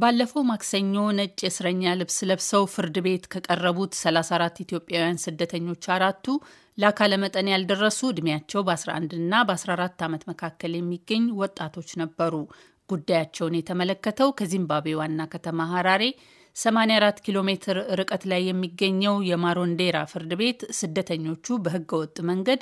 ባለፈው ማክሰኞ ነጭ የእስረኛ ልብስ ለብሰው ፍርድ ቤት ከቀረቡት 34 ኢትዮጵያውያን ስደተኞች አራቱ ለአካለ መጠን ያልደረሱ ዕድሜያቸው በ11ና በ14 ዓመት መካከል የሚገኝ ወጣቶች ነበሩ። ጉዳያቸውን የተመለከተው ከዚምባብዌ ዋና ከተማ ሀራሬ 84 ኪሎ ሜትር ርቀት ላይ የሚገኘው የማሮንዴራ ፍርድ ቤት ስደተኞቹ በህገወጥ መንገድ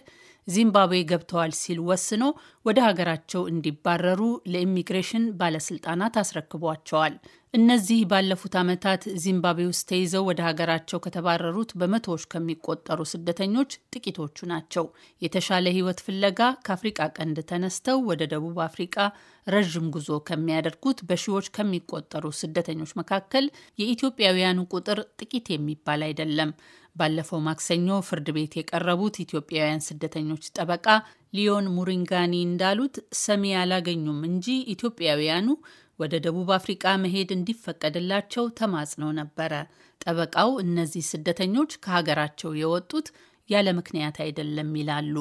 ዚምባብዌ ገብተዋል ሲል ወስኖ ወደ ሀገራቸው እንዲባረሩ ለኢሚግሬሽን ባለስልጣናት አስረክቧቸዋል። እነዚህ ባለፉት ዓመታት ዚምባብዌ ውስጥ ተይዘው ወደ ሀገራቸው ከተባረሩት በመቶዎች ከሚቆጠሩ ስደተኞች ጥቂቶቹ ናቸው። የተሻለ ሕይወት ፍለጋ ከአፍሪቃ ቀንድ ተነስተው ወደ ደቡብ አፍሪቃ ረዥም ጉዞ ከሚያደርጉት በሺዎች ከሚቆጠሩ ስደተኞች መካከል የኢትዮጵያውያኑ ቁጥር ጥቂት የሚባል አይደለም። ባለፈው ማክሰኞ ፍርድ ቤት የቀረቡት ኢትዮጵያውያን ስደተኞች ጠበቃ ሊዮን ሙሪንጋኒ እንዳሉት ሰሚ አላገኙም እንጂ ኢትዮጵያውያኑ ወደ ደቡብ አፍሪቃ መሄድ እንዲፈቀድላቸው ተማጽኖ ነበረ። ጠበቃው እነዚህ ስደተኞች ከሀገራቸው የወጡት ያለ ምክንያት አይደለም ይላሉ።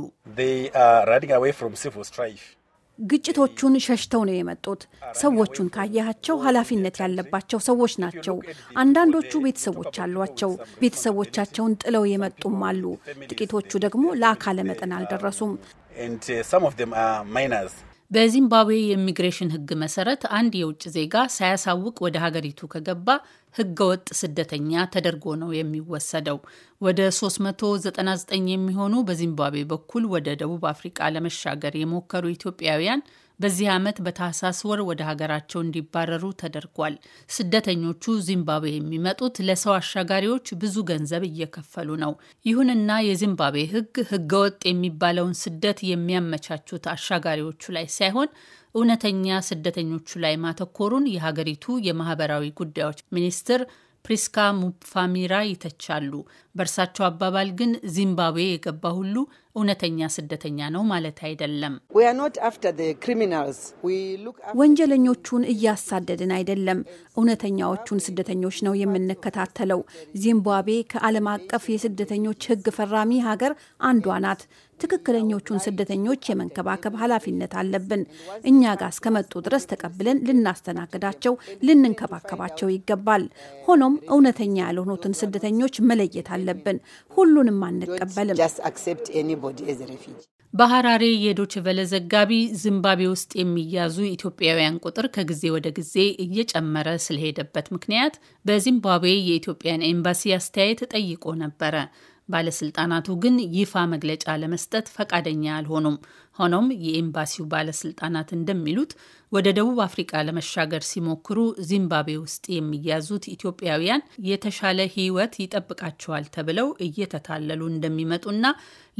ግጭቶቹን ሸሽተው ነው የመጡት። ሰዎቹን ካያቸው ኃላፊነት ያለባቸው ሰዎች ናቸው። አንዳንዶቹ ቤተሰቦች አሏቸው። ቤተሰቦቻቸውን ጥለው የመጡም አሉ። ጥቂቶቹ ደግሞ ለአካለ መጠን አልደረሱም። uh, በዚምባብዌ የኢሚግሬሽን ህግ መሰረት አንድ የውጭ ዜጋ ሳያሳውቅ ወደ ሀገሪቱ ከገባ ህገወጥ ስደተኛ ተደርጎ ነው የሚወሰደው። ወደ 399 የሚሆኑ በዚምባብዌ በኩል ወደ ደቡብ አፍሪቃ ለመሻገር የሞከሩ ኢትዮጵያውያን በዚህ ዓመት በታህሳስ ወር ወደ ሀገራቸው እንዲባረሩ ተደርጓል። ስደተኞቹ ዚምባብዌ የሚመጡት ለሰው አሻጋሪዎች ብዙ ገንዘብ እየከፈሉ ነው። ይሁንና የዚምባብዌ ሕግ ሕገወጥ የሚባለውን ስደት የሚያመቻቹት አሻጋሪዎቹ ላይ ሳይሆን እውነተኛ ስደተኞቹ ላይ ማተኮሩን የሀገሪቱ የማህበራዊ ጉዳዮች ሚኒስትር ፕሪስካ ሙፋሚራ ይተቻሉ። በእርሳቸው አባባል ግን ዚምባብዌ የገባ ሁሉ እውነተኛ ስደተኛ ነው ማለት አይደለም። ወንጀለኞቹን እያሳደድን አይደለም፣ እውነተኛዎቹን ስደተኞች ነው የምንከታተለው። ዚምባብዌ ከዓለም አቀፍ የስደተኞች ሕግ ፈራሚ ሀገር አንዷ ናት። ትክክለኞቹን ስደተኞች የመንከባከብ ኃላፊነት አለብን። እኛ ጋር እስከመጡ ድረስ ተቀብለን ልናስተናግዳቸው፣ ልንንከባከባቸው ይገባል። ሆኖም እውነተኛ ያልሆኑትን ስደተኞች መለየት አለብን። ሁሉንም አንቀበልም። በሐራሬ የዶች ቨለ ዘጋቢ ዚምባብዌ ውስጥ የሚያዙ ኢትዮጵያውያን ቁጥር ከጊዜ ወደ ጊዜ እየጨመረ ስለሄደበት ምክንያት በዚምባብዌ የኢትዮጵያን ኤምባሲ አስተያየት ጠይቆ ነበረ። ባለስልጣናቱ ግን ይፋ መግለጫ ለመስጠት ፈቃደኛ አልሆኑም። ሆኖም የኤምባሲው ባለስልጣናት እንደሚሉት ወደ ደቡብ አፍሪቃ ለመሻገር ሲሞክሩ ዚምባብዌ ውስጥ የሚያዙት ኢትዮጵያውያን የተሻለ ሕይወት ይጠብቃቸዋል ተብለው እየተታለሉ እንደሚመጡና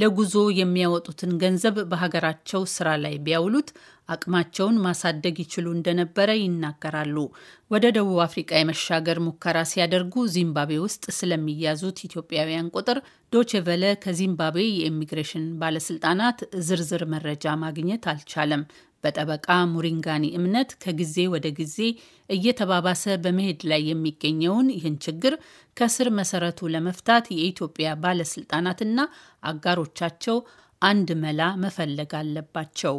ለጉዞ የሚያወጡትን ገንዘብ በሀገራቸው ስራ ላይ ቢያውሉት አቅማቸውን ማሳደግ ይችሉ እንደነበረ ይናገራሉ። ወደ ደቡብ አፍሪቃ የመሻገር ሙከራ ሲያደርጉ ዚምባብዌ ውስጥ ስለሚያዙት ኢትዮጵያውያን ቁጥር ዶቼ ቨለ ከዚምባብዌ የኢሚግሬሽን ባለስልጣናት ዝርዝር መረጃ ማግኘት አልቻለም። በጠበቃ ሙሪንጋኒ እምነት ከጊዜ ወደ ጊዜ እየተባባሰ በመሄድ ላይ የሚገኘውን ይህን ችግር ከስር መሰረቱ ለመፍታት የኢትዮጵያ ባለስልጣናትና አጋሮቻቸው አንድ መላ መፈለግ አለባቸው።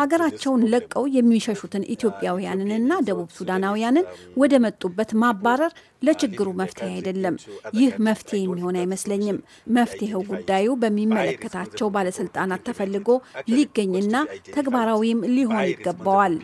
ሀገራቸውን ለቀው የሚሸሹትን ኢትዮጵያውያንንና ደቡብ ሱዳናውያንን ወደ መጡበት ማባረር ለችግሩ መፍትሄ አይደለም። ይህ መፍትሄ የሚሆን አይመስለኝም። መፍትሄው ጉዳዩ በሚመለከታቸው ባለስልጣናት ተፈልጎ ሊገኝና ተግባራዊም ሊሆን ይገባዋል።